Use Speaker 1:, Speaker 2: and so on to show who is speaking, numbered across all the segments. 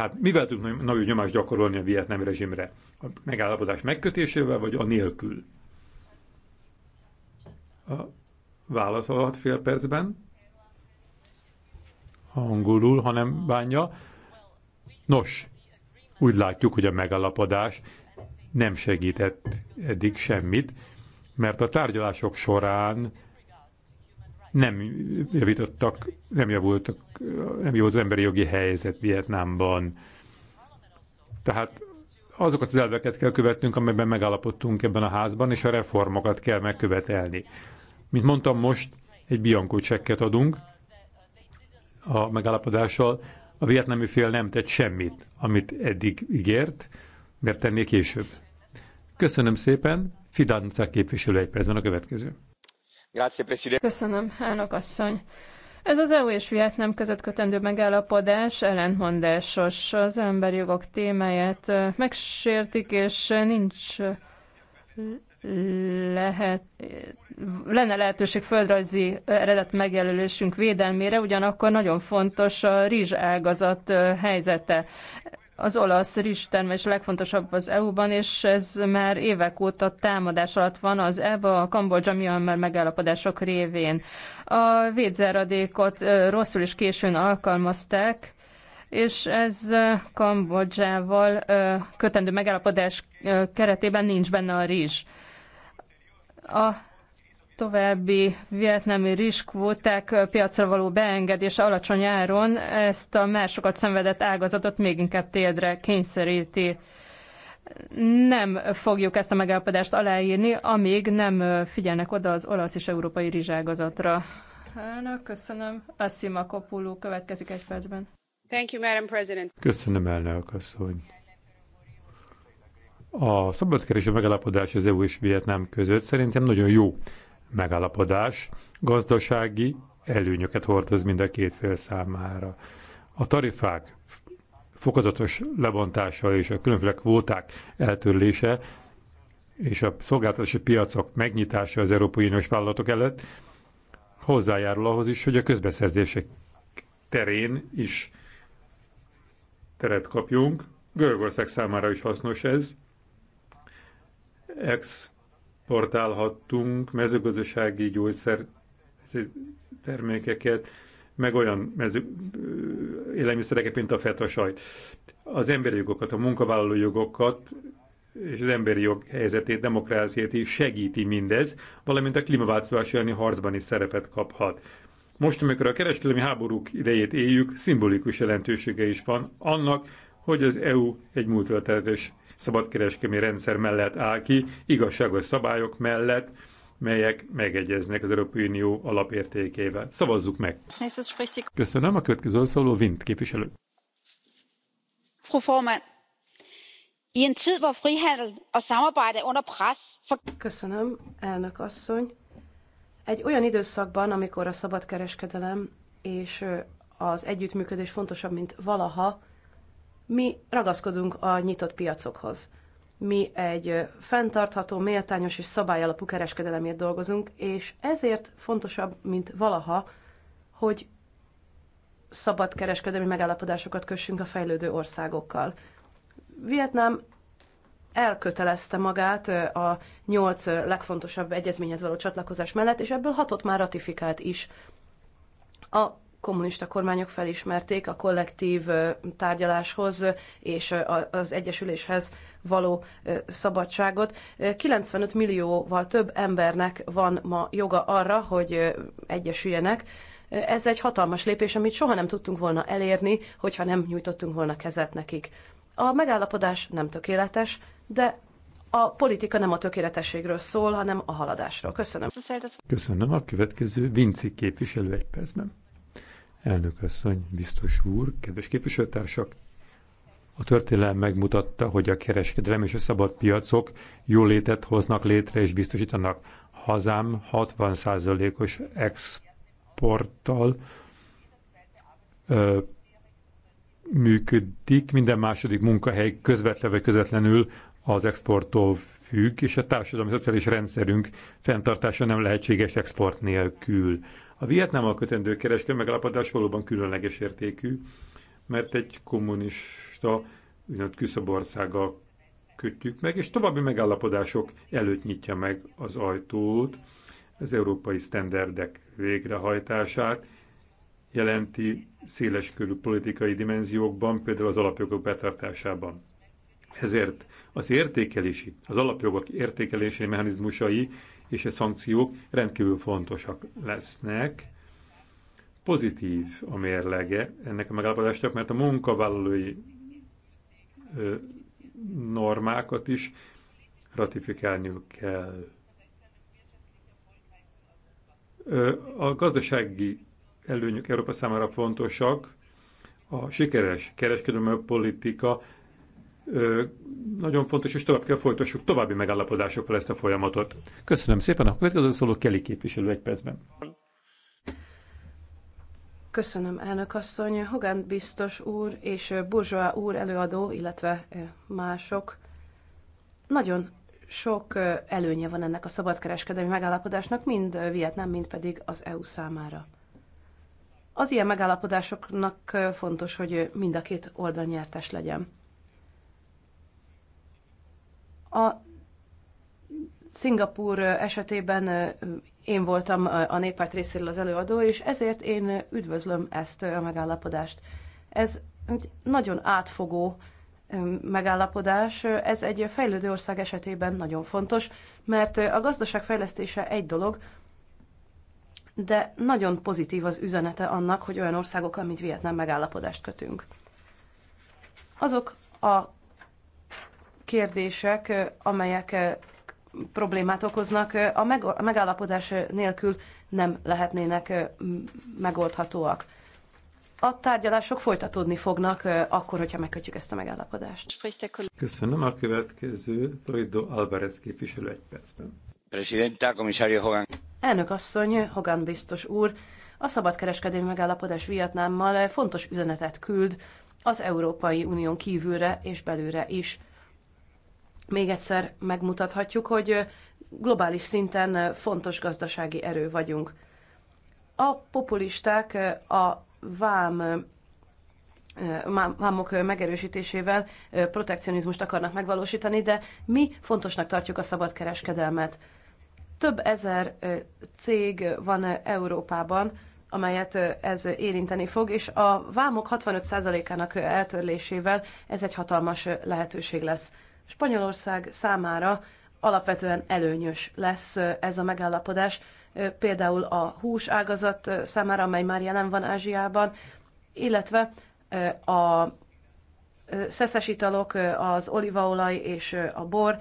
Speaker 1: Tehát mivel tud nagyobb nyomást gyakorolni a vietnám rezsimre? A megállapodás megkötésével, vagy a nélkül? A válasz alatt fél percben. Angolul, ha nem bánja. Nos, úgy látjuk, hogy a megállapodás nem segített eddig semmit, mert a tárgyalások során nem javítottak, nem javultak, nem jó az emberi jogi helyzet Vietnámban. Tehát azokat az elveket kell követnünk, amelyben megállapodtunk ebben a házban, és a reformokat kell megkövetelni. Mint mondtam, most egy bianco csekket adunk a megállapodással. A vietnámi fél nem tett semmit, amit eddig ígért, mert tenné később. Köszönöm szépen, Fidanca képviselő egy percben a következő.
Speaker 2: Köszönöm, elnök asszony. Ez az EU és Vietnám között kötendő megállapodás ellentmondásos. Az emberi jogok témáját megsértik, és nincs lehet, lenne lehetőség földrajzi eredet megjelölésünk védelmére, ugyanakkor nagyon fontos a rizs ágazat helyzete az olasz a legfontosabb az EU-ban, és ez már évek óta támadás alatt van az EBA, a Kambodzsa, Myanmar megállapodások révén. A védzeradékot rosszul is későn alkalmazták, és ez Kambodzsával kötendő megállapodás keretében nincs benne a rizs. A további vietnámi rizskvóták piacra való beengedése alacsony áron ezt a másokat szenvedett ágazatot még inkább térdre kényszeríti. Nem fogjuk ezt a megállapodást aláírni, amíg nem figyelnek oda az olasz és európai rizságazatra. Elnök, köszönöm. Asszima Kopulú következik egy percben. Thank you, Madam President.
Speaker 1: Köszönöm, elnök asszony. A szabadkereső megállapodás az EU és Vietnám között szerintem nagyon jó megállapodás gazdasági előnyöket hordoz mind a két fél számára. A tarifák fokozatos lebontása és a különféle kvóták eltörlése és a szolgáltatási piacok megnyitása az Európai Uniós vállalatok előtt hozzájárul ahhoz is, hogy a közbeszerzések terén is teret kapjunk. Görögország számára is hasznos ez. Ex exportálhattunk mezőgazdasági gyógyszer termékeket, meg olyan mező, élelmiszereket, mint a feta sajt. Az emberi jogokat, a munkavállaló jogokat és az emberi jog helyzetét, demokráciát is segíti mindez, valamint a klímaváltozás elleni harcban is szerepet kaphat. Most, amikor a kereskedelmi háborúk idejét éljük, szimbolikus jelentősége is van annak, hogy az EU egy múltöltetes szabadkereskedelmi rendszer mellett áll ki, igazságos szabályok mellett, melyek megegyeznek az Európai Unió alapértékeivel. Szavazzuk meg! Köszönöm a következő szóló Vint képviselő.
Speaker 3: Frau Forman, i en tid, hvor frihandel og samarbejde er under pres... For... Köszönöm, elnök asszony. Egy olyan időszakban, amikor a szabadkereskedelem és az együttműködés fontosabb, mint valaha, mi ragaszkodunk a nyitott piacokhoz. Mi egy fenntartható, méltányos és szabályalapú kereskedelemért dolgozunk, és ezért fontosabb, mint valaha, hogy szabad kereskedelmi megállapodásokat kössünk a fejlődő országokkal. Vietnám elkötelezte magát a nyolc legfontosabb egyezményhez való csatlakozás mellett, és ebből hatot már ratifikált is. A kommunista kormányok felismerték a kollektív tárgyaláshoz és az egyesüléshez való szabadságot. 95 millióval több embernek van ma joga arra, hogy egyesüljenek. Ez egy hatalmas lépés, amit soha nem tudtunk volna elérni, hogyha nem nyújtottunk volna kezet nekik. A megállapodás nem tökéletes, de a politika nem a tökéletességről szól, hanem a haladásról. Köszönöm.
Speaker 1: Köszönöm. A következő Vinci képviselő egy percben. Elnök asszony, biztos úr, kedves képviselőtársak! A történelem megmutatta, hogy a kereskedelem és a szabad piacok jólétet hoznak létre és biztosítanak. Hazám 60%-os exporttal ö, működik, minden második munkahely közvetlen vagy közvetlenül az exporttól függ, és a társadalmi szociális rendszerünk fenntartása nem lehetséges export nélkül. A Vietnámmal kötendő kereskedő megállapodás valóban különleges értékű, mert egy kommunista úgynevezett küszöbországgal kötjük meg, és további megállapodások előtt nyitja meg az ajtót az európai sztenderdek végrehajtását, jelenti széleskörű politikai dimenziókban, például az alapjogok betartásában. Ezért az értékelési, az alapjogok értékelési mechanizmusai és a szankciók rendkívül fontosak lesznek. Pozitív a mérlege ennek a megállapodásnak, mert a munkavállalói normákat is ratifikálniuk kell. A gazdasági előnyök Európa számára fontosak, a sikeres kereskedelmi politika nagyon fontos, és tovább kell folytassuk további megállapodásokkal ezt a folyamatot. Köszönöm szépen. A következő szóló Kelly képviselő egy percben.
Speaker 3: Köszönöm, elnök asszony. Hogan biztos úr és Burzsóá úr előadó, illetve mások. Nagyon sok előnye van ennek a szabadkereskedelmi megállapodásnak, mind Vietnám, mind pedig az EU számára. Az ilyen megállapodásoknak fontos, hogy mind a két oldal nyertes legyen. A Szingapúr esetében én voltam a néppárt részéről az előadó, és ezért én üdvözlöm ezt a megállapodást. Ez egy nagyon átfogó megállapodás, ez egy fejlődő ország esetében nagyon fontos, mert a gazdaság fejlesztése egy dolog, de nagyon pozitív az üzenete annak, hogy olyan országokkal, mint Vietnám megállapodást kötünk. Azok a kérdések, amelyek problémát okoznak, a megállapodás nélkül nem lehetnének megoldhatóak. A tárgyalások folytatódni fognak akkor, hogyha megkötjük ezt a megállapodást.
Speaker 1: Köszönöm. A következő Toido Alvarez képviselő egy percben. Presidenta, komisario Hogan.
Speaker 3: Elnök asszony, Hogan biztos úr, a szabadkereskedelmi megállapodás Vietnámmal fontos üzenetet küld az Európai Unión kívülre és belőre is még egyszer megmutathatjuk, hogy globális szinten fontos gazdasági erő vagyunk. A populisták a vám vámok megerősítésével protekcionizmust akarnak megvalósítani, de mi fontosnak tartjuk a kereskedelmet. Több ezer cég van Európában, amelyet ez érinteni fog, és a vámok 65%-ának eltörlésével ez egy hatalmas lehetőség lesz. Spanyolország számára alapvetően előnyös lesz ez a megállapodás, például a hús ágazat számára, amely már jelen van Ázsiában, illetve a szeszes italok, az olívaolaj és a bor,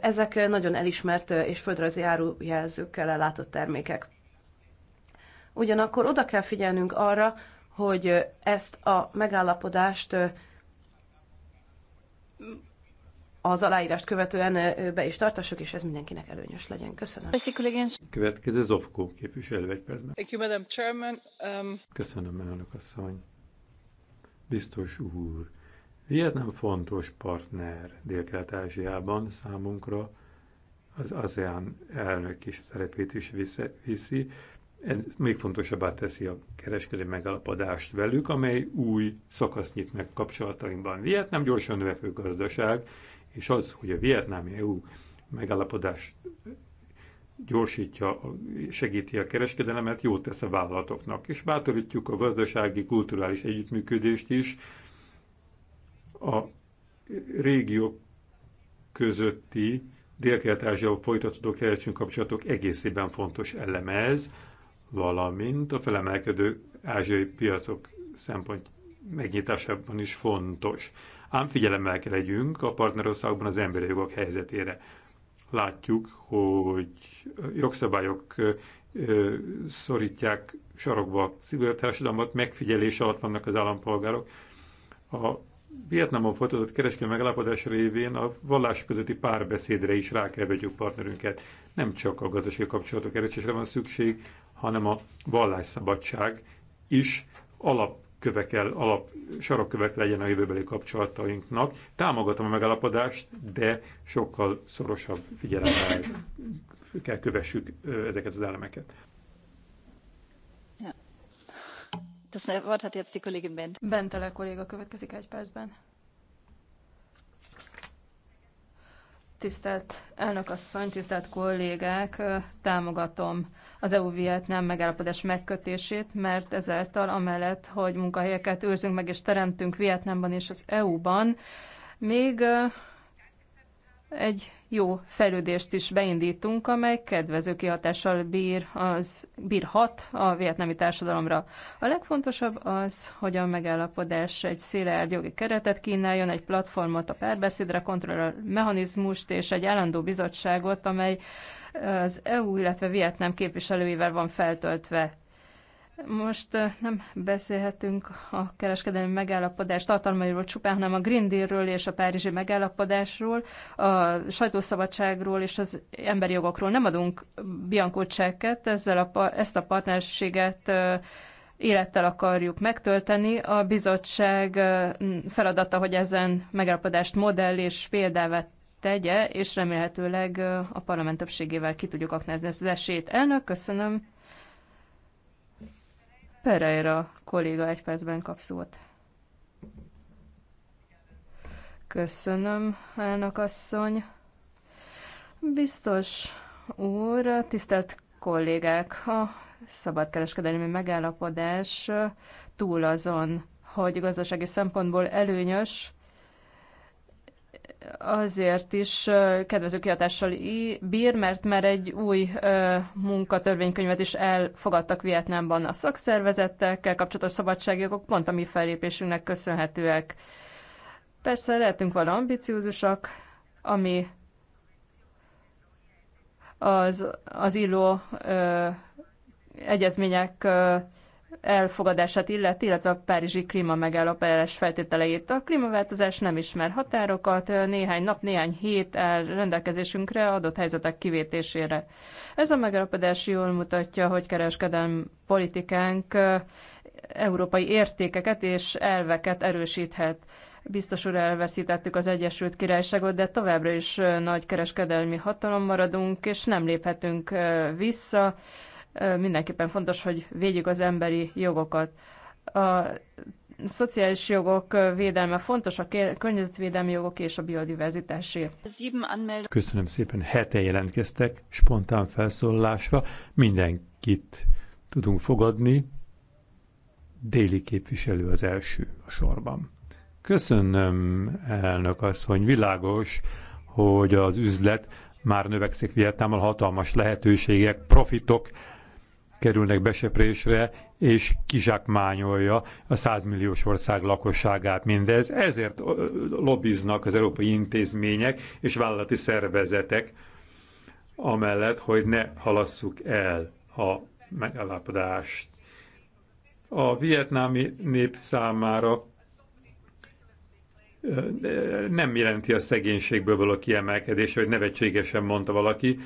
Speaker 3: ezek nagyon elismert és földrajzi árujelzőkkel ellátott termékek. Ugyanakkor oda kell figyelnünk arra, hogy ezt a megállapodást az aláírást követően be is tartassuk, és ez mindenkinek
Speaker 1: előnyös legyen. Köszönöm. Következő Zovkó képviselő egy percben.
Speaker 3: Thank you, Madam Chairman.
Speaker 4: Um...
Speaker 1: Köszönöm, elnök asszony. Biztos úr. Vietnám fontos partner Dél-Kelet-Ázsiában számunkra, az ASEAN elnök is szerepét is viszi. Ez még fontosabbá teszi a kereskedelmi megállapodást velük, amely új szakasz nyit meg kapcsolatainkban. Vietnám gyorsan növekvő gazdaság, és az, hogy a vietnámi EU megállapodás gyorsítja, segíti a kereskedelemet, jót tesz a vállalatoknak. És bátorítjuk a gazdasági, kulturális együttműködést is a régiók közötti dél kelet folytatódó keresztény kapcsolatok egészében fontos eleme ez, valamint a felemelkedő ázsiai piacok szempont megnyitásában is fontos. Ám figyelemmel kell legyünk a partnerországban az emberi jogok helyzetére. Látjuk, hogy jogszabályok szorítják sarokba a civil társadalmat, megfigyelés alatt vannak az állampolgárok. A Vietnamon folytatott kereskedelmi megállapodás révén a vallás közötti párbeszédre is rá kell vegyük partnerünket. Nem csak a gazdasági kapcsolatok erősésre van szükség, hanem a vallásszabadság is alap kövekkel, alap, sarokkövek legyen a jövőbeli kapcsolatainknak. Támogatom a megalapodást, de sokkal szorosabb figyelemmel kell kövessük ezeket az elemeket.
Speaker 2: Das Wort hat jetzt die Kollegin Bent. Bentele kolléga következik egy percben. Tisztelt asszony, tisztelt kollégák, támogatom az EU-Vietnám megállapodás megkötését, mert ezáltal amellett, hogy munkahelyeket őrzünk meg és teremtünk Vietnámban és az EU-ban, még egy jó fejlődést is beindítunk, amely kedvező kihatással bír az, bírhat a vietnami társadalomra. A legfontosabb az, hogy a megállapodás egy szélárd jogi keretet kínáljon, egy platformot a párbeszédre, kontroll mechanizmust és egy állandó bizottságot, amely az EU, illetve Vietnám képviselőivel van feltöltve. Most nem beszélhetünk a kereskedelmi megállapodás tartalmairól csupán, hanem a Green Dealről és a Párizsi megállapodásról, a sajtószabadságról és az emberi jogokról. Nem adunk Bianco cseket, ezzel a, ezt a partnerséget élettel akarjuk megtölteni. A bizottság feladata, hogy ezen megállapodást modell és példávet tegye, és remélhetőleg a parlament többségével ki tudjuk aknázni ezt az esélyt. Elnök, köszönöm. Pereira kolléga egy percben kap szót. Köszönöm, elnök asszony. Biztos úr, tisztelt kollégák, a szabadkereskedelmi megállapodás túl azon, hogy gazdasági szempontból előnyös, azért is kedvező kiadással bír, mert már egy új munkatörvénykönyvet is elfogadtak Vietnámban a szakszervezetekkel kapcsolatos szabadságjogok, pont a mi fellépésünknek köszönhetőek. Persze lehetünk volna ambiciózusak, ami az, az illó ö, egyezmények ö, elfogadását illeti, illetve a Párizsi klíma megállapodás feltételeit. A klímaváltozás nem ismer határokat, néhány nap, néhány hét áll rendelkezésünkre adott helyzetek kivétésére. Ez a megállapodás jól mutatja, hogy kereskedelmi politikánk európai értékeket és elveket erősíthet. Biztos úr, elveszítettük az Egyesült Királyságot, de továbbra is nagy kereskedelmi hatalom maradunk, és nem léphetünk vissza mindenképpen fontos, hogy védjük az emberi jogokat. A szociális jogok védelme fontos, a környezetvédelmi jogok és a biodiverzitásé.
Speaker 1: Köszönöm szépen, hete jelentkeztek spontán felszólalásra. Mindenkit tudunk fogadni. Déli képviselő az első a sorban. Köszönöm, elnök asszony. Világos, hogy az üzlet már növekszik Vietnámmal, hatalmas lehetőségek, profitok kerülnek beseprésre, és kizsákmányolja a 100 milliós ország lakosságát mindez. Ezért lobbiznak az európai intézmények és vállalati szervezetek, amellett, hogy ne halasszuk el a megállapodást. A vietnámi nép számára nem jelenti a szegénységből való kiemelkedés, hogy nevetségesen mondta valaki,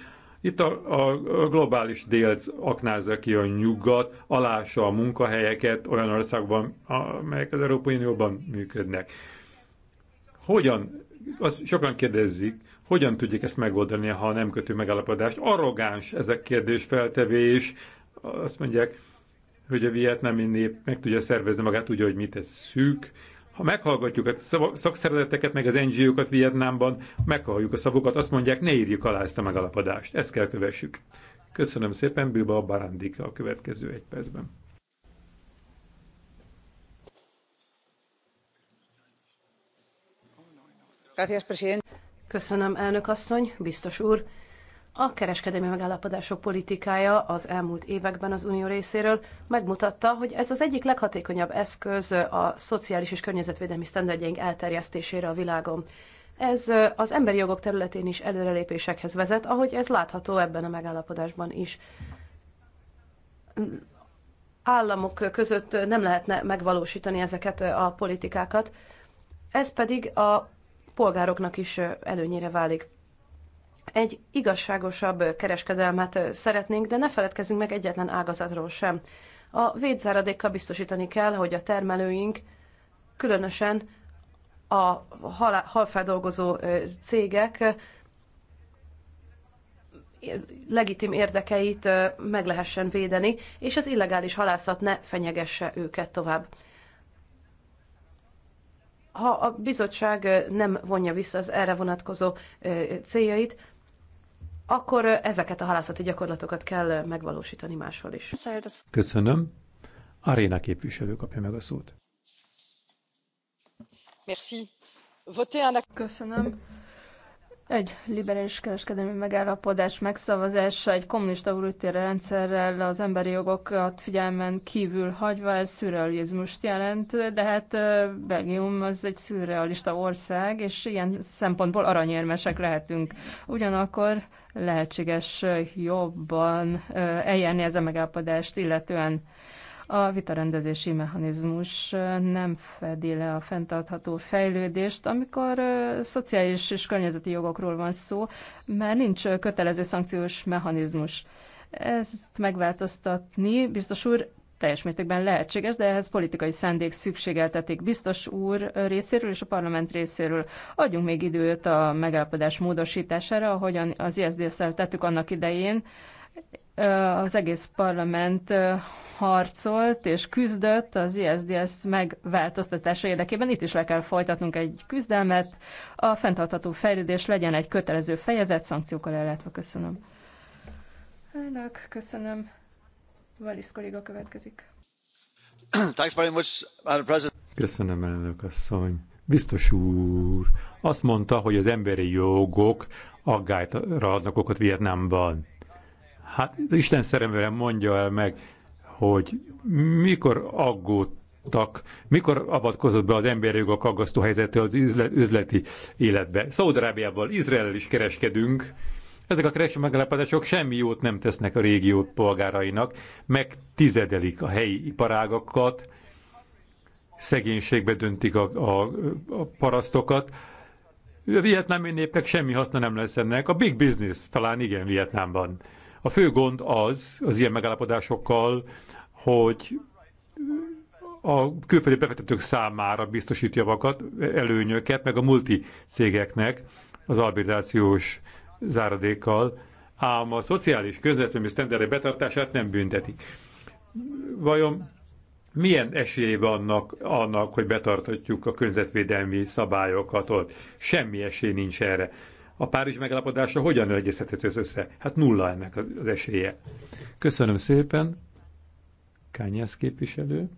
Speaker 1: itt a, a globális dél aknázza ki a nyugat, alása a munkahelyeket olyan országban, amelyek az Európai Unióban működnek. Hogyan, azt sokan kérdezzik, hogyan tudjuk ezt megoldani, ha nem kötő megállapodást? Arrogáns ezek kérdés feltevés. Azt mondják, hogy a vietnámi nép meg tudja szervezni magát úgy, hogy mit ez szűk, ha meghallgatjuk a szakszervezeteket, meg az NGO-kat Vietnámban, meghalljuk a szavukat, azt mondják, ne írjuk alá ezt a megalapodást. Ezt kell kövessük. Köszönöm szépen, Bilba Barándika a következő egy percben.
Speaker 3: Köszönöm, elnök asszony, biztos úr. A kereskedelmi megállapodások politikája az elmúlt években az Unió részéről megmutatta, hogy ez az egyik leghatékonyabb eszköz a szociális és környezetvédelmi sztenderdjeink elterjesztésére a világon. Ez az emberi jogok területén is előrelépésekhez vezet, ahogy ez látható ebben a megállapodásban is. Államok között nem lehetne megvalósítani ezeket a politikákat, ez pedig a polgároknak is előnyére válik. Egy igazságosabb kereskedelmet szeretnénk, de ne feledkezzünk meg egyetlen ágazatról sem. A védzáradékkal biztosítani kell, hogy a termelőink, különösen a hal- halfeldolgozó cégek legitim érdekeit meg lehessen védeni, és az illegális halászat ne fenyegesse őket tovább. Ha a bizottság nem vonja vissza az erre vonatkozó céljait, akkor ezeket a halászati gyakorlatokat kell megvalósítani máshol is.
Speaker 1: Köszönöm. Aréna képviselő kapja meg a szót.
Speaker 3: Merci.
Speaker 2: Köszönöm egy liberális kereskedelmi megállapodás megszavazása egy kommunista úrütére rendszerrel az emberi jogokat figyelmen kívül hagyva, ez szürrealizmust jelent, de hát Belgium az egy szürrealista ország, és ilyen szempontból aranyérmesek lehetünk. Ugyanakkor lehetséges jobban eljárni ez a megállapodást, illetően a vitarendezési mechanizmus nem fedi le a fenntartható fejlődést, amikor szociális és környezeti jogokról van szó, mert nincs kötelező szankciós mechanizmus. Ezt megváltoztatni, biztos úr, teljes mértékben lehetséges, de ehhez politikai szándék szükségeltetik biztos úr részéről és a parlament részéről. Adjunk még időt a megállapodás módosítására, ahogyan az isd szel tettük annak idején, az egész parlament harcolt és küzdött az ISDS megváltoztatása érdekében. Itt is le kell folytatnunk egy küzdelmet. A fenntartható fejlődés legyen egy kötelező fejezet, szankciókkal ellátva. Köszönöm. Elnök, köszönöm. Valisz kolléga következik.
Speaker 1: Köszönöm, elnök asszony. Biztos úr, azt mondta, hogy az emberi jogok aggályra adnak okot Vietnámban Hát Isten szeremére mondja el meg, hogy mikor aggódtak, mikor avatkozott be az emberi jogok aggasztó helyzete az üzleti életbe. Szaudarábiával, Izrael is kereskedünk, ezek a kereskedelmi meglepetések semmi jót nem tesznek a régió polgárainak, megtizedelik a helyi iparágakat, szegénységbe döntik a, a, a parasztokat. A vietnámi népnek semmi haszna nem lesz ennek. A big business talán igen Vietnámban. A fő gond az, az ilyen megállapodásokkal, hogy a külföldi befektetők számára biztosít javakat, előnyöket, meg a multi cégeknek az arbitrációs záradékkal, ám a szociális közvetlenül sztenderek betartását nem büntetik. Vajon milyen esélye van annak, annak, hogy betartatjuk a környezetvédelmi szabályokat ott? Semmi esély nincs erre a Párizs megállapodása hogyan egyeztethető össze? Hát nulla ennek az esélye. Köszönöm szépen, Kányász képviselő.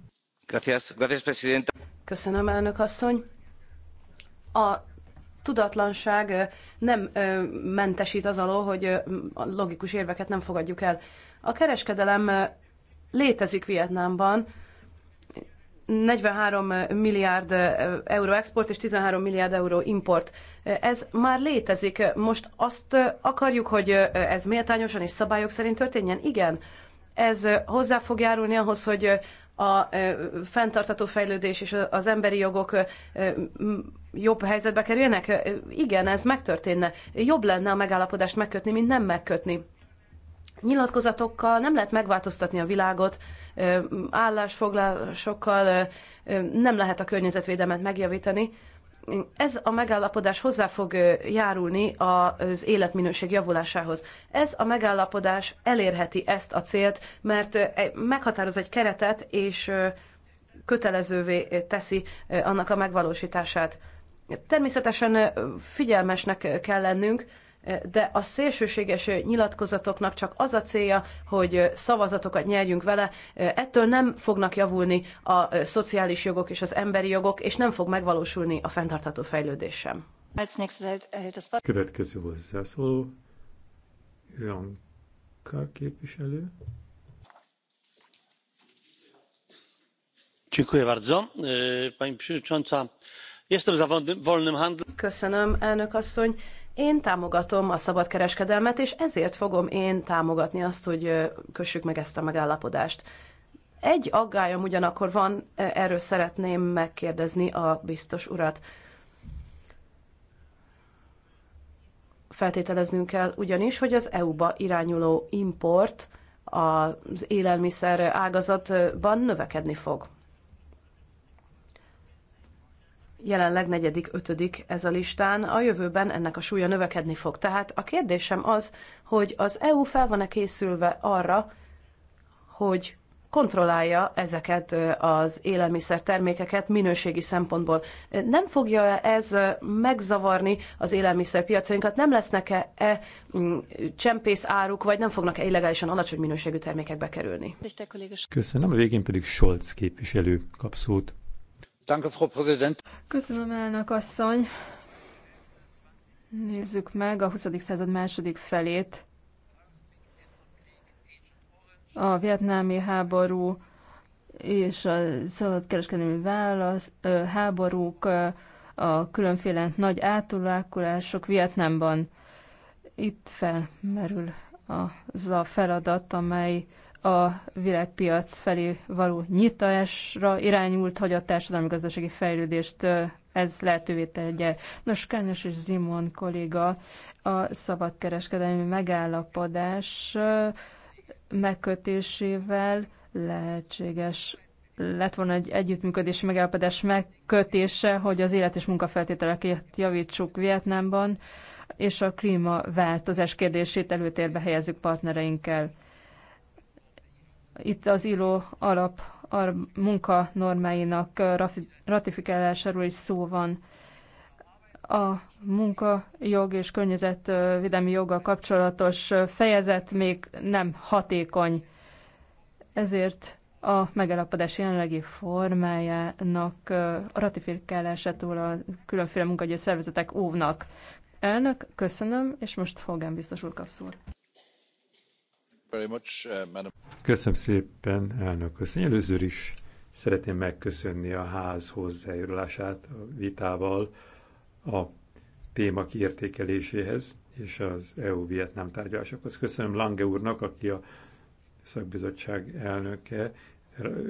Speaker 4: Gracias, gracias, presidenta.
Speaker 3: Köszönöm, elnök asszony. A tudatlanság nem mentesít az alól, hogy a logikus érveket nem fogadjuk el. A kereskedelem létezik Vietnámban, 43 milliárd euró export és 13 milliárd euró import. Ez már létezik. Most azt akarjuk, hogy ez méltányosan és szabályok szerint történjen? Igen. Ez hozzá fog járulni ahhoz, hogy a fenntartató fejlődés és az emberi jogok jobb helyzetbe kerülnek. Igen, ez megtörténne. Jobb lenne a megállapodást megkötni, mint nem megkötni nyilatkozatokkal nem lehet megváltoztatni a világot, állásfoglalásokkal nem lehet a környezetvédelmet megjavítani. Ez a megállapodás hozzá fog járulni az életminőség javulásához. Ez a megállapodás elérheti ezt a célt, mert meghatároz egy keretet, és kötelezővé teszi annak a megvalósítását. Természetesen figyelmesnek kell lennünk, de a szélsőséges nyilatkozatoknak csak az a célja, hogy szavazatokat nyerjünk vele, ettől nem fognak javulni a szociális jogok és az emberi jogok, és nem fog megvalósulni a fenntartható fejlődés
Speaker 1: sem. Következő hozzászóló, Zankar képviselő. E,
Speaker 3: Köszönöm, elnök asszony én támogatom a szabadkereskedelmet, és ezért fogom én támogatni azt, hogy kössük meg ezt a megállapodást. Egy aggályom ugyanakkor van, erről szeretném megkérdezni a biztos urat. Feltételeznünk kell ugyanis, hogy az EU-ba irányuló import az élelmiszer ágazatban növekedni fog. jelenleg negyedik, ötödik ez a listán, a jövőben ennek a súlya növekedni fog. Tehát a kérdésem az, hogy az EU fel van-e készülve arra, hogy kontrollálja ezeket az élelmiszertermékeket minőségi szempontból. Nem fogja ez megzavarni az élelmiszerpiacainkat? Nem lesznek-e -e mm, csempész áruk, vagy nem fognak-e illegálisan alacsony minőségű termékekbe kerülni?
Speaker 1: Köszönöm, a végén pedig Scholz képviselő kap szót.
Speaker 3: Köszönöm, elnök asszony.
Speaker 2: Nézzük meg a 20. század második felét. A vietnámi háború és a szabadkereskedelmi válasz, háborúk, a különféle nagy átulákulások Vietnámban. Itt felmerül az a feladat, amely a világpiac felé való nyitásra irányult, hogy a társadalmi-gazdasági fejlődést ez lehetővé tegye. Nos, Kányos és Zimon kolléga, a szabadkereskedelmi megállapodás megkötésével lehetséges lett volna egy együttműködési megállapodás megkötése, hogy az élet és munkafeltételeket javítsuk Vietnámban, és a klímaváltozás kérdését előtérbe helyezzük partnereinkkel. Itt az ILO alap a munka ratifikálásáról is szó van. A munkajog és környezetvédelmi joga kapcsolatos fejezet még nem hatékony, ezért a megállapodás jelenlegi formájának ratifikálásától a különféle munkagyő szervezetek óvnak. Elnök, köszönöm, és most Hogan biztos úr kap szót.
Speaker 3: Uh,
Speaker 1: köszönöm szépen, elnök asszony. Először is szeretném megköszönni a ház hozzájárulását a vitával a téma kiértékeléséhez és az EU-Vietnám tárgyalásokhoz. Köszönöm Lange úrnak, aki a szakbizottság elnöke,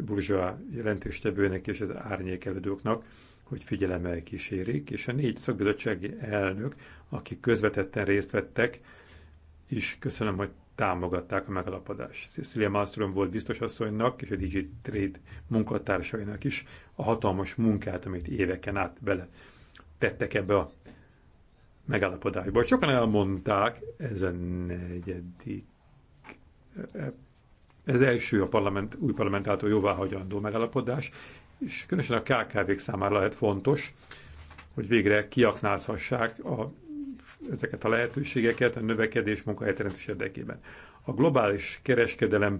Speaker 1: Burzsá jelentéstevőnek és az árnyékelődőknek, hogy figyelemmel kísérik, és a négy szakbizottsági elnök, akik közvetetten részt vettek, is köszönöm, hogy támogatták a megalapodást. Cecilia Malmström volt biztosasszonynak és a DG Trade munkatársainak is a hatalmas munkát, amit éveken át bele tettek ebbe a megállapodásba. Sokan elmondták, ez a negyedik, ez első a parlament, új parlament által jóváhagyandó megállapodás, és különösen a KKV-k számára lehet fontos, hogy végre kiaknázhassák a ezeket a lehetőségeket a növekedés munkahelyteremtés érdekében. A globális kereskedelem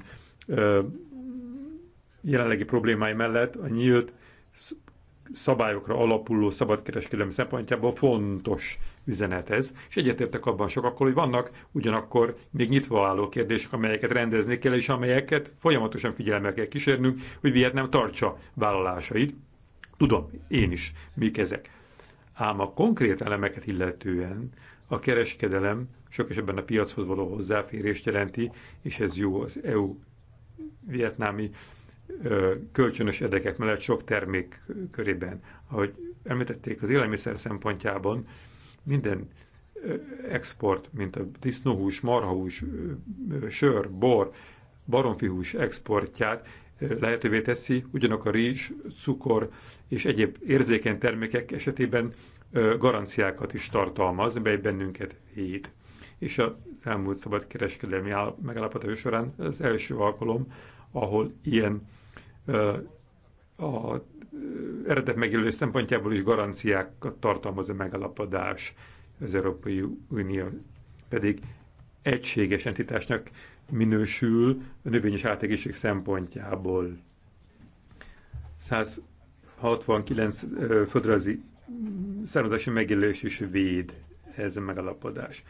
Speaker 1: jelenlegi problémái mellett a nyílt szabályokra alapuló szabadkereskedelem szempontjából fontos üzenet ez, és egyetértek abban sokakkal, hogy vannak ugyanakkor még nyitva álló kérdések, amelyeket rendezni kell, és amelyeket folyamatosan figyelemmel kell kísérnünk, hogy Vietnám tartsa vállalásait. Tudom, én is, mik ezek. Ám a konkrét elemeket illetően a kereskedelem sok esetben a piachoz való hozzáférést jelenti, és ez jó az EU-vietnámi kölcsönös érdekek mellett sok termék körében. Ahogy említették, az élelmiszer szempontjában minden export, mint a disznóhús, marhahús, sör, bor, baromfihús exportját lehetővé teszi, ugyanakkor rizs, cukor és egyéb érzékeny termékek esetében garanciákat is tartalmaz, mely bennünket hét. És az elmúlt kereskedelmi megállapodás során az első alkalom, ahol ilyen a eredet megjelölés szempontjából is garanciákat tartalmaz a megalapodás Az Európai Unió pedig egységes entitásnak minősül a növényes átegészség szempontjából. 169 földrajzi származási megjelölés is véd ez a megalapodás.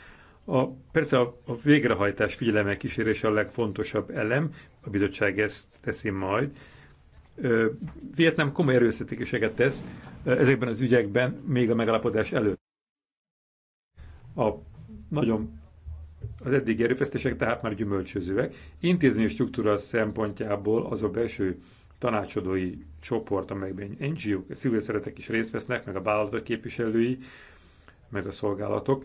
Speaker 1: A, persze a, a végrehajtás figyelme kísérése a legfontosabb elem, a bizottság ezt teszi majd. Vietnám komoly erőszetékéseket tesz ezekben az ügyekben, még a megalapodás előtt. A nagyon az eddigi erőfesztések tehát már gyümölcsözőek. Intézmény struktúra szempontjából az a belső tanácsadói csoport, amelyben NGO-k, civil szeretek is részt vesznek, meg a vállalatok képviselői, meg a szolgálatok,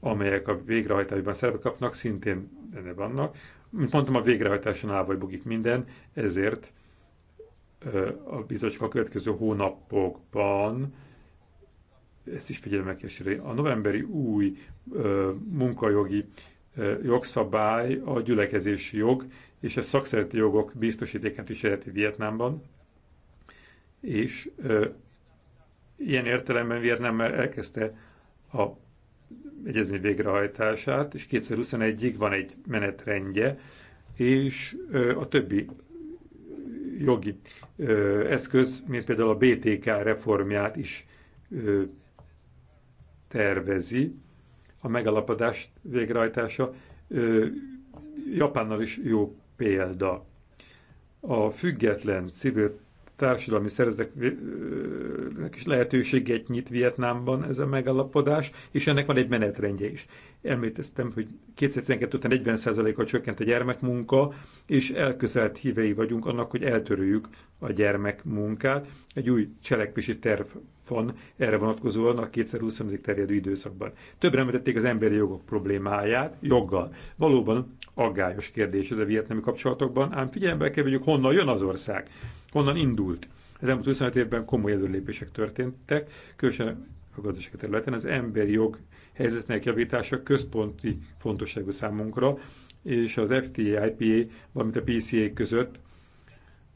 Speaker 1: amelyek a végrehajtásban szerepet kapnak, szintén benne vannak. Mint mondtam, a végrehajtáson áll vagy bugik minden, ezért a bizottság a következő hónapokban ezt is figyelme kell A novemberi új ö, munkajogi ö, jogszabály a gyülekezési jog és a szakszereti jogok biztosítékát is jelenti Vietnámban, és ö, ilyen értelemben már elkezdte a egyezmény végrehajtását, és 2021-ig van egy menetrendje, és a többi jogi eszköz, mint például a BTK reformját is tervezi a megalapodás végrehajtása. Japánnal is jó példa. A független civil társadalmi szervezeteknek is lehetőséget nyit Vietnámban ez a megállapodás, és ennek van egy menetrendje is. Említettem, hogy 2012 után 40%-kal csökkent a gyermekmunka, és elközelt hívei vagyunk annak, hogy eltörőjük a gyermekmunkát. Egy új cselekvési terv van erre vonatkozóan a 2020 terjedő időszakban. Többre említették az emberi jogok problémáját, joggal. Valóban aggályos kérdés ez a vietnami kapcsolatokban, ám figyelembe kell vegyük, honnan jön az ország Onnan indult. Az elmúlt 25 évben komoly előlépések történtek, különösen a gazdasági területen az emberi jog helyzetnek javítása központi fontosságú számunkra, és az FTA, IPA, valamint a PCA között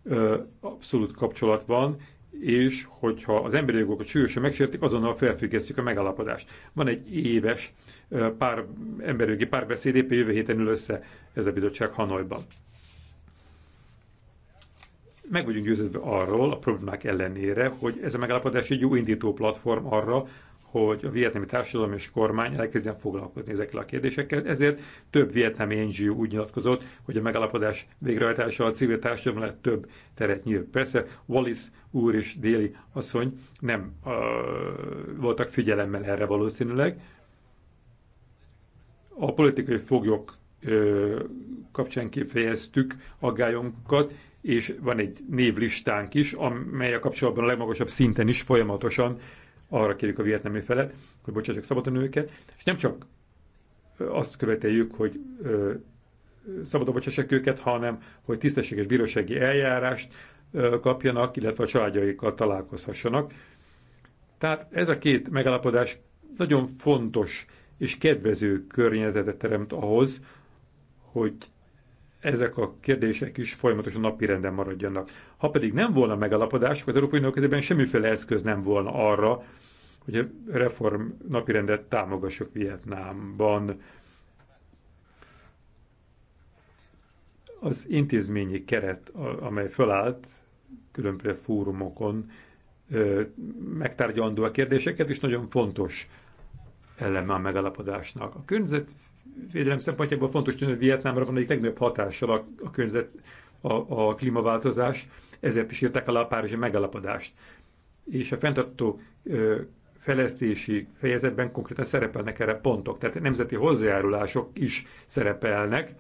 Speaker 1: ö, abszolút kapcsolat van, és hogyha az emberi jogokat súlyosan megsértik, azonnal felfüggesztjük a megállapodást. Van egy éves pár, emberi jogi párbeszéd, éppen jövő héten ül össze ez a bizottság Hanoiban meg vagyunk győződve arról, a problémák ellenére, hogy ez a megállapodás egy jó indító platform arra, hogy a vietnami társadalom és kormány elkezdjen foglalkozni ezekkel a kérdésekkel. Ezért több vietnami NGO úgy nyilatkozott, hogy a megállapodás végrehajtása a civil lett több teret nyílt. Persze Wallis úr és Déli asszony nem uh, voltak figyelemmel erre valószínűleg. A politikai foglyok uh, kapcsán kifejeztük aggályunkat, és van egy névlistánk is, amely a kapcsolatban a legmagasabb szinten is folyamatosan arra kérjük a vietnami felet, hogy bocsássák szabadon őket, és nem csak azt követeljük, hogy ö, szabadon bocsássák őket, hanem hogy tisztességes bírósági eljárást ö, kapjanak, illetve a családjaikkal találkozhassanak. Tehát ez a két megállapodás nagyon fontos és kedvező környezetet teremt ahhoz, hogy ezek a kérdések is folyamatosan napirenden maradjanak. Ha pedig nem volna megalapodás, akkor az Európai Unió kezében semmiféle eszköz nem volna arra, hogy a reform napirendet támogassuk Vietnámban. Az intézményi keret, amely fölállt különböző fórumokon, megtárgyalandó a kérdéseket, és nagyon fontos eleme a megalapodásnak. A környezet védelem szempontjából fontos hogy Vietnámra van egyik legnagyobb hatással a, a környezet, a, a klímaváltozás, ezért is írták alá a Párizsi megállapodást. És a fenntartó fejlesztési fejezetben konkrétan szerepelnek erre pontok, tehát nemzeti hozzájárulások is szerepelnek,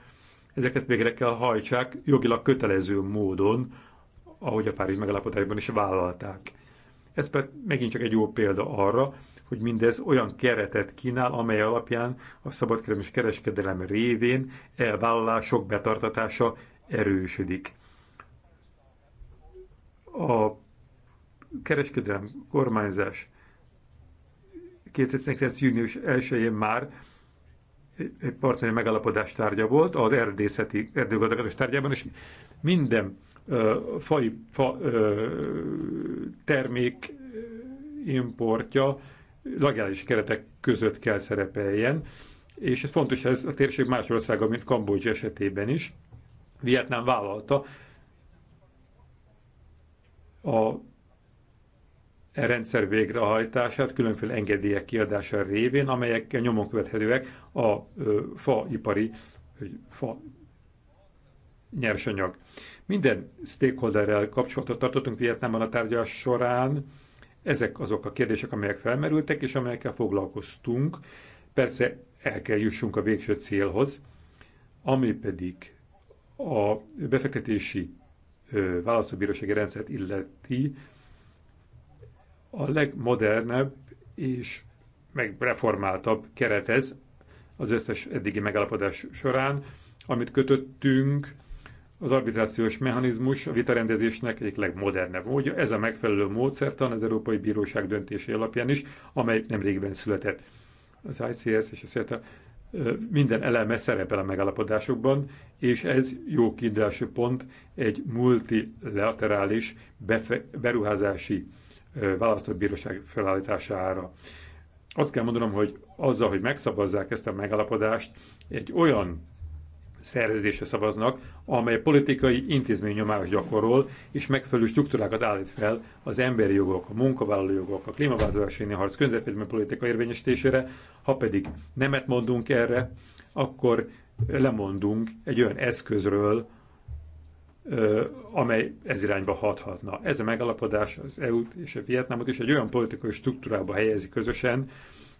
Speaker 1: ezeket végre kell hajtsák jogilag kötelező módon, ahogy a Párizs megállapodásban is vállalták. Ez pedig megint csak egy jó példa arra, hogy mindez olyan keretet kínál, amely alapján a szabadkeremes kereskedelem révén elvállalások betartatása erősödik. A kereskedelem kormányzás 2019. június 1-én már egy partneri megállapodás tárgya volt az erdészeti, erdőgazdálkodás tárgyában, és minden ö, fai fa, ö, termék importja legális keretek között kell szerepeljen, és ez fontos ez a térség más országa, mint Kambodzsa esetében is. Vietnám vállalta a rendszer végrehajtását különféle engedélyek kiadása révén, amelyek nyomon követhetőek a faipari, vagy fa nyersanyag. Minden stakeholderrel kapcsolatot tartottunk Vietnámban a tárgyalás során, ezek azok a kérdések, amelyek felmerültek, és amelyekkel foglalkoztunk. Persze el kell jussunk a végső célhoz, ami pedig a befektetési válaszolbírósági rendszert illeti a legmodernebb és megreformáltabb keretez az összes eddigi megállapodás során, amit kötöttünk, az arbitrációs mechanizmus a vitarendezésnek egyik legmodernebb módja. Ez a megfelelő módszertan az Európai Bíróság döntése alapján is, amely nemrégben született. Az ICS és a CETA minden eleme szerepel a megállapodásokban, és ez jó kiindulási pont egy multilaterális beruházási választott bíróság felállítására. Azt kell mondanom, hogy azzal, hogy megszabazzák ezt a megállapodást, egy olyan szerződésre szavaznak, amely politikai intézmény nyomást gyakorol, és megfelelő struktúrákat állít fel az emberi jogok, a munkavállalói jogok, a klímaváltozás harc közvetlenül politika érvényesítésére, ha pedig nemet mondunk erre, akkor lemondunk egy olyan eszközről, amely ez irányba hathatna. Ez a megalapodás az eu és a Vietnámot is egy olyan politikai struktúrába helyezi közösen,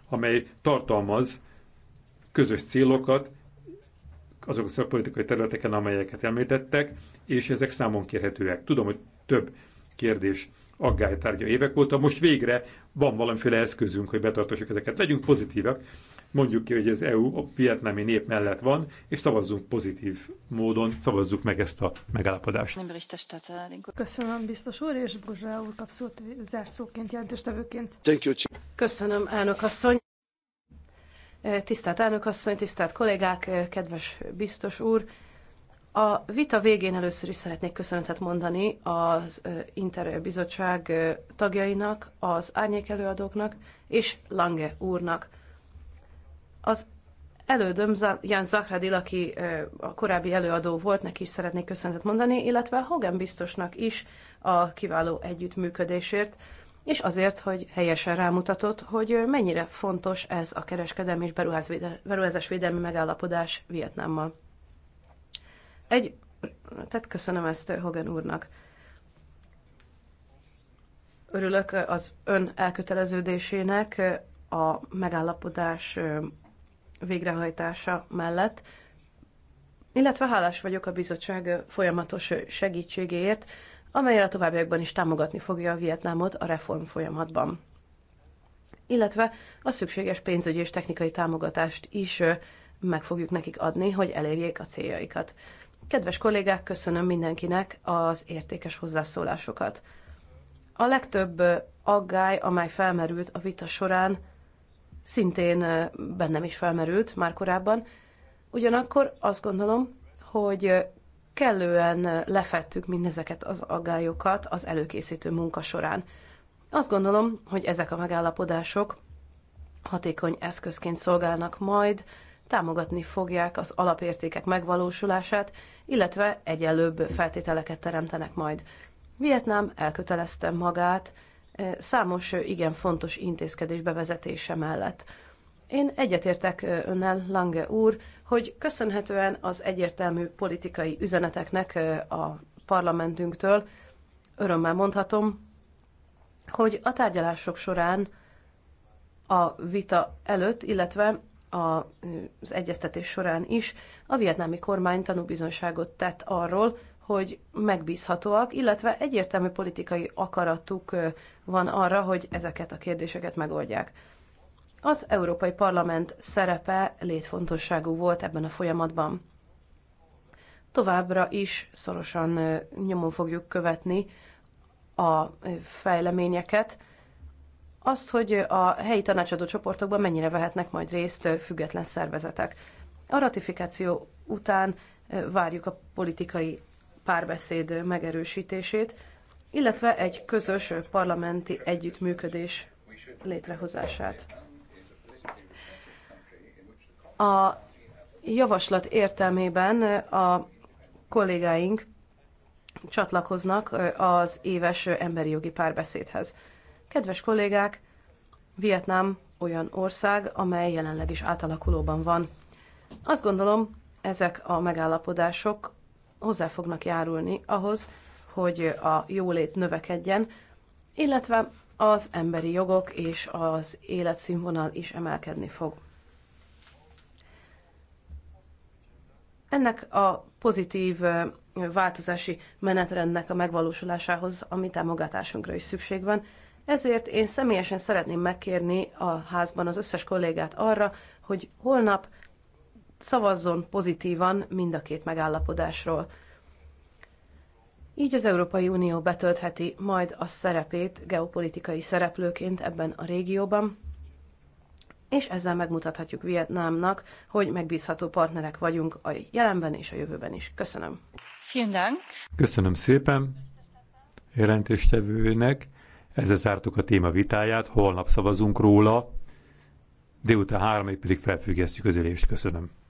Speaker 1: amely tartalmaz közös célokat azok a szakpolitikai területeken, amelyeket említettek, és ezek számon kérhetőek. Tudom, hogy több kérdés aggálytárgya évek óta, most végre van valamiféle eszközünk, hogy betartassuk ezeket. Legyünk pozitívak, mondjuk ki, hogy az EU a vietnámi nép mellett van, és szavazzunk pozitív módon, szavazzuk meg ezt a megállapodást. Eh,
Speaker 2: Köszönöm, biztos úr, és Bozsá úr kap szót eh, zárszóként, jelentéstevőként.
Speaker 1: Köszönöm,
Speaker 3: elnök asszony. Tisztelt elnökasszony, tisztelt kollégák, kedves biztos úr! A vita végén először is szeretnék köszönetet mondani az Interbizottság tagjainak, az árnyékelőadóknak és Lange úrnak. Az elődöm Jan Zahradil, aki a korábbi előadó volt, neki is szeretnék köszönetet mondani, illetve Hogan biztosnak is a kiváló együttműködésért és azért, hogy helyesen rámutatott, hogy mennyire fontos ez a kereskedelmi és beruházás védelmi megállapodás Vietnámmal. Egy, tehát köszönöm ezt Hogan úrnak. Örülök az ön elköteleződésének a megállapodás végrehajtása mellett, illetve hálás vagyok a bizottság folyamatos segítségéért, amelyel a továbbiakban is támogatni fogja a Vietnámot a reform folyamatban. Illetve a szükséges pénzügyi és technikai támogatást is meg fogjuk nekik adni, hogy elérjék a céljaikat. Kedves kollégák, köszönöm mindenkinek az értékes hozzászólásokat. A legtöbb aggály, amely felmerült a vita során, szintén bennem is felmerült már korábban, ugyanakkor azt gondolom, hogy kellően lefettük mindezeket az aggályokat az előkészítő munka során. Azt gondolom, hogy ezek a megállapodások hatékony eszközként szolgálnak majd, támogatni fogják az alapértékek megvalósulását, illetve egyelőbb feltételeket teremtenek majd. Vietnám elkötelezte magát számos igen fontos intézkedés bevezetése mellett. Én egyetértek önnel, Lange úr, hogy köszönhetően az egyértelmű politikai üzeneteknek a parlamentünktől örömmel mondhatom, hogy a tárgyalások során a vita előtt, illetve az egyeztetés során is a vietnámi kormány tanúbizonságot tett arról, hogy megbízhatóak, illetve egyértelmű politikai akaratuk van arra, hogy ezeket a kérdéseket megoldják. Az Európai Parlament szerepe létfontosságú volt ebben a folyamatban. Továbbra is szorosan nyomon fogjuk követni a fejleményeket, azt, hogy a helyi tanácsadó csoportokban mennyire vehetnek majd részt független szervezetek. A ratifikáció után várjuk a politikai párbeszéd megerősítését, illetve egy közös parlamenti együttműködés létrehozását. A javaslat értelmében a kollégáink csatlakoznak az éves emberi jogi párbeszédhez. Kedves kollégák, Vietnám olyan ország, amely jelenleg is átalakulóban van. Azt gondolom, ezek a megállapodások hozzá fognak járulni ahhoz, hogy a jólét növekedjen, illetve az emberi jogok és az életszínvonal is emelkedni fog. ennek a pozitív változási menetrendnek a megvalósulásához a mi támogatásunkra is szükség van. Ezért én személyesen szeretném megkérni a házban az összes kollégát arra, hogy holnap szavazzon pozitívan mind a két megállapodásról. Így az Európai Unió betöltheti majd a szerepét geopolitikai szereplőként ebben a régióban, és ezzel megmutathatjuk Vietnámnak, hogy megbízható partnerek vagyunk a jelenben és a jövőben is. Köszönöm. Vielen
Speaker 1: Köszönöm szépen jelentéstevőnek. Ezzel zártuk a téma vitáját, holnap szavazunk róla, délután három pedig felfüggesztjük az ülést. Köszönöm.